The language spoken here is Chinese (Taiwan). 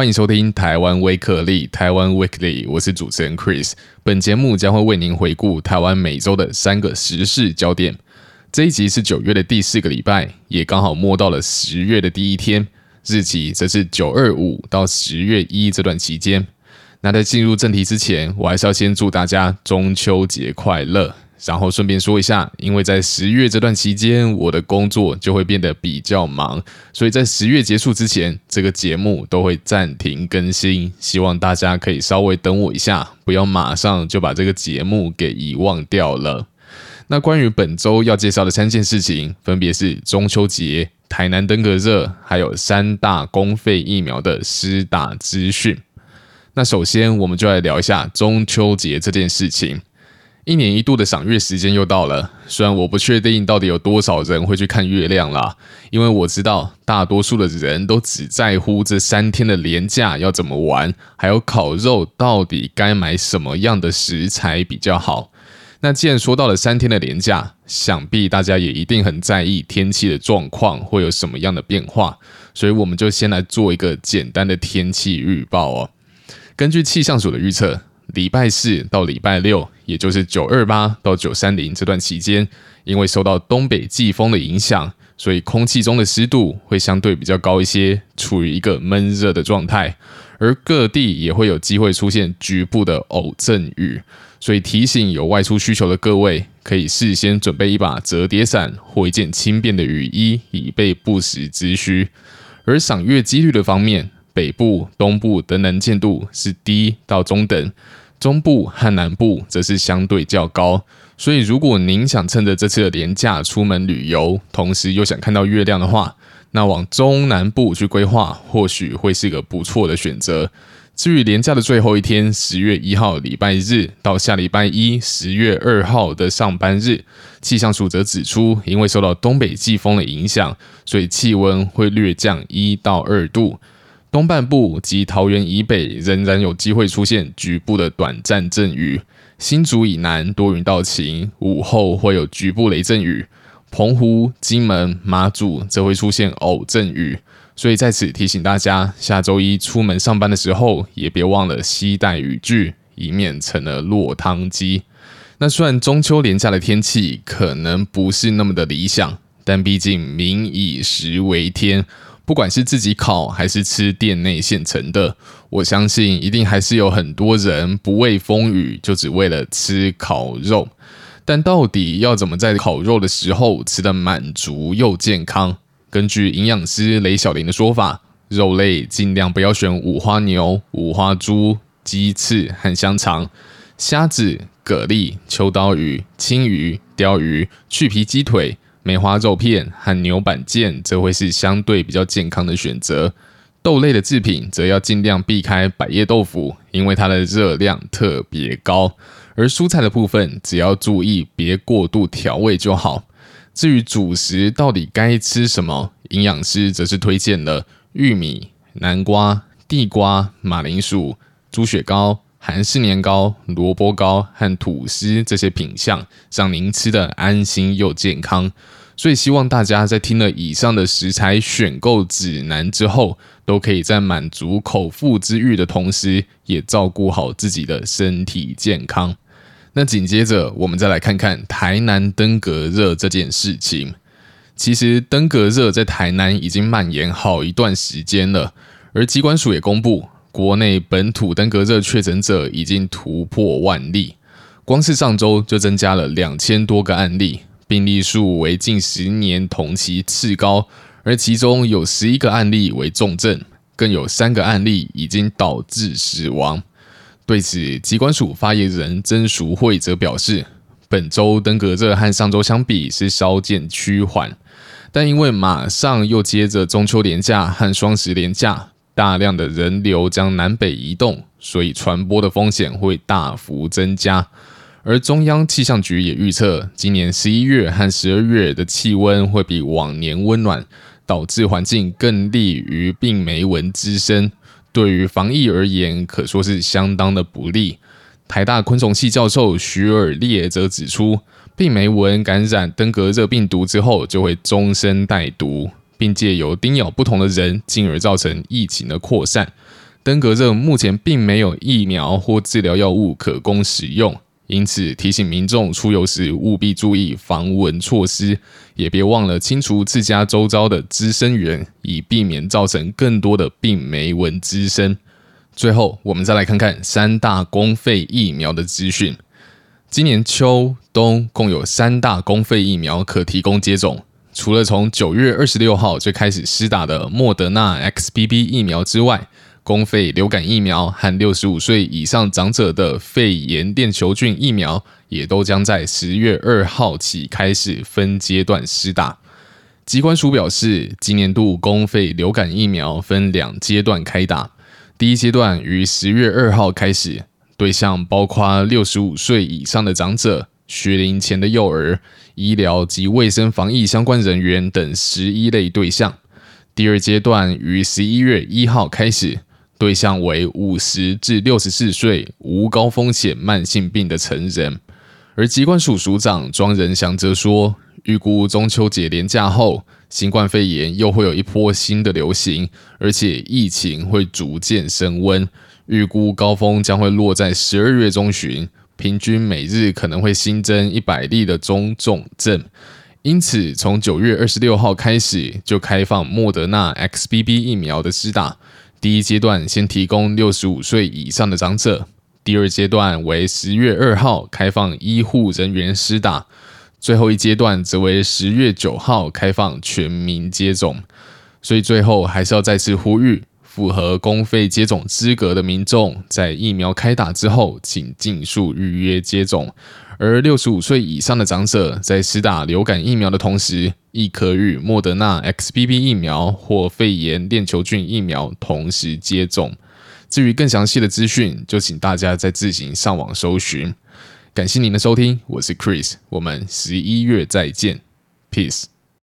歡迎收聽台灣威克力，台灣 Weekly，我是主持人 Chris。本節目將會為您回顧台灣每周的三個時事焦點。這一集是九月的第四個禮拜，也剛好摸到了十月的第一天。日期則是九二五到十月一這段期間。那在進入正題之前，我還是要先祝大家中秋節快樂。然後順便說一下，因為在十月這段期間，我的工作就會變得比較忙，所以在十月結束之前，這個節目都會暫停更新。希望大家可以稍微等我一下，不要馬上就把這個節目給遺忘掉了。那關於本周要介紹的三件事情，分別是中秋節、台南登革熱，還有三大公費疫苗的施打資訊。那首先，我們就來聊一下中秋節這件事情。一年一度的賞月時間又到了，雖然我不確定到底有多少人會去看月亮啦，因為我知道大多數的人都只在乎這三天的連假要怎麼玩，還有烤肉到底該買什麼樣的食材比較好。那既然說到了三天的連假，想必大家也一定很在意天氣的狀況會有什麼樣的變化，所以我們就先來做一個簡單的天氣預報哦、喔。根據氣象署的預測，禮拜四到禮拜六。也就是九二八到九三零這段期間，因為受到東北季風的影響，所以空氣中的濕度會相對比較高一些，處於一個悶熱的狀態。而各地也會有機會出現局部的偶陣雨，所以提醒有外出需求的各位，可以事先準備一把摺疊傘或一件輕便的雨衣，以備不時之需。而賞月幾率的方面，北部、東部的能見度是低到中等。中部和南部則是相對較高，所以如果您想趁着這次的連假出門旅遊，同時又想看到月亮的話，那往中南部去規劃或許會是個不錯的選擇。至於連假的最後一天，十月一號禮拜日到下禮拜一十月二號的上班日，氣象署則指出，因為受到東北季風的影響，所以氣溫會略降一到二度。東半部及桃園以北仍然有機會出現局部的短暫陣雨，新竹以南多雲到晴，午後會有局部雷陣雨，澎湖、金門、馬祖則會出現偶陣雨。所以在此提醒大家，下周一出門上班的時候，也別忘了攜帶雨具，以免成了落湯雞。那雖然中秋連假的天氣可能不是那麼的理想，但畢竟民以食為天。不管是自己烤還是吃店內現成的，我相信一定還是有很多人不畏風雨，就只為了吃烤肉。但到底要怎麼在烤肉的時候吃得滿足又健康？根據營養師雷小玲的說法，肉類盡量不要選五花牛、五花豬、雞翅和香腸、蝦子、蛤蜊、秋刀魚、鯖魚、鯛魚、去皮雞腿。梅花肉片和牛板腱則會是相對比較健康的選擇，豆類的製品則要儘量避開百葉豆腐，因為它的熱量特別高。而蔬菜的部分，只要注意別過度調味就好。至於主食到底該吃什麼，營養師則是推薦了玉米、南瓜、地瓜、馬鈴薯、豬血糕。韓式年糕、蘿蔔糕和吐司這些品項，讓您吃得安心又健康。所以希望大家在聽了以上的食材選購指南之後，都可以在滿足口腹之欲的同時，也照顧好自己的身體健康。那緊接着，我們再來看看台南登革熱這件事情。其實，登革熱在台南已經蔓延好一段時間了，而疾管署也公布，國內本土登革熱確診者已經突破萬例，光是上周就增加了兩千多個案例，病例數為近十年同期次高，而其中有十一個案例為重症，更有三個案例已經導致死亡。對此，疾管署發言人曾淑慧則表示，本周登革熱和上周相比是稍見趨緩，但因為馬上又接着中秋連假和雙十連假。大量的人流將南北移動，所以傳播的風險會大幅增加。而中央氣象局也預測，今年十一月和十二月的氣溫會比往年溫暖，導致環境更利於病媒蚊滋生。對於防疫而言，可說是相當的不利。台大昆蟲系教授徐爾烈則指出，病媒蚊感染登革熱病毒之後，就會終身帶毒，並借由叮咬不同的人進而造成疫情的擴散。登革熱目前並沒有疫苗或治療藥物可供使用，因此提醒民眾出遊時務必注意防蚊措施，也別忘了清除自家周遭的滋生源，以避免造成更多的病媒蚊滋生。最後，我們再來看看三大公費疫苗的資訊。今年秋冬共有三大公費疫苗可提供接種。除了從九月二十六號就開始施打的莫德納 XBB 疫苗之外，公費流感疫苗和六十五歲以上長者的肺炎鏈球菌疫苗也都將在十月二號起開始分階段施打。疾管署表示，今年度公費流感疫苗分兩階段開打，第一階段於十月二號開始，對象包括六十五歲以上的長者。學齡前的幼兒、醫療及衛生防疫相關人員等十一類對象。第二階段於十一月一號開始，對象為五十至六十四歲無高風險慢性病的成人。而疾管署署長莊人祥則說，預估中秋節連假後，新冠肺炎又會有一波新的流行，而且疫情會逐漸升溫，預估高峰將會落在十二月中旬。平均每日可能會新增一百例的中重症，因此從九月二十六號開始就開放莫德納 XBB 疫苗的施打，第一階段先提供六十五歲以上的長者，第二階段為十月二號開放醫護人員施打，最後一階段則為十月九號開放全民接種。所以最後還是要再次呼籲。符合公費接種資格的民眾，在疫苗開打之後，請盡速預約接種。而六十五歲以上的長者，在施打流感疫苗的同時，亦可與莫德納 XBB 疫苗或肺炎鏈球菌疫苗同時接種。至於更詳細的資訊，就請大家再自行上網搜尋。感謝您的收聽，我是 Chris，我們十一月再見，Peace。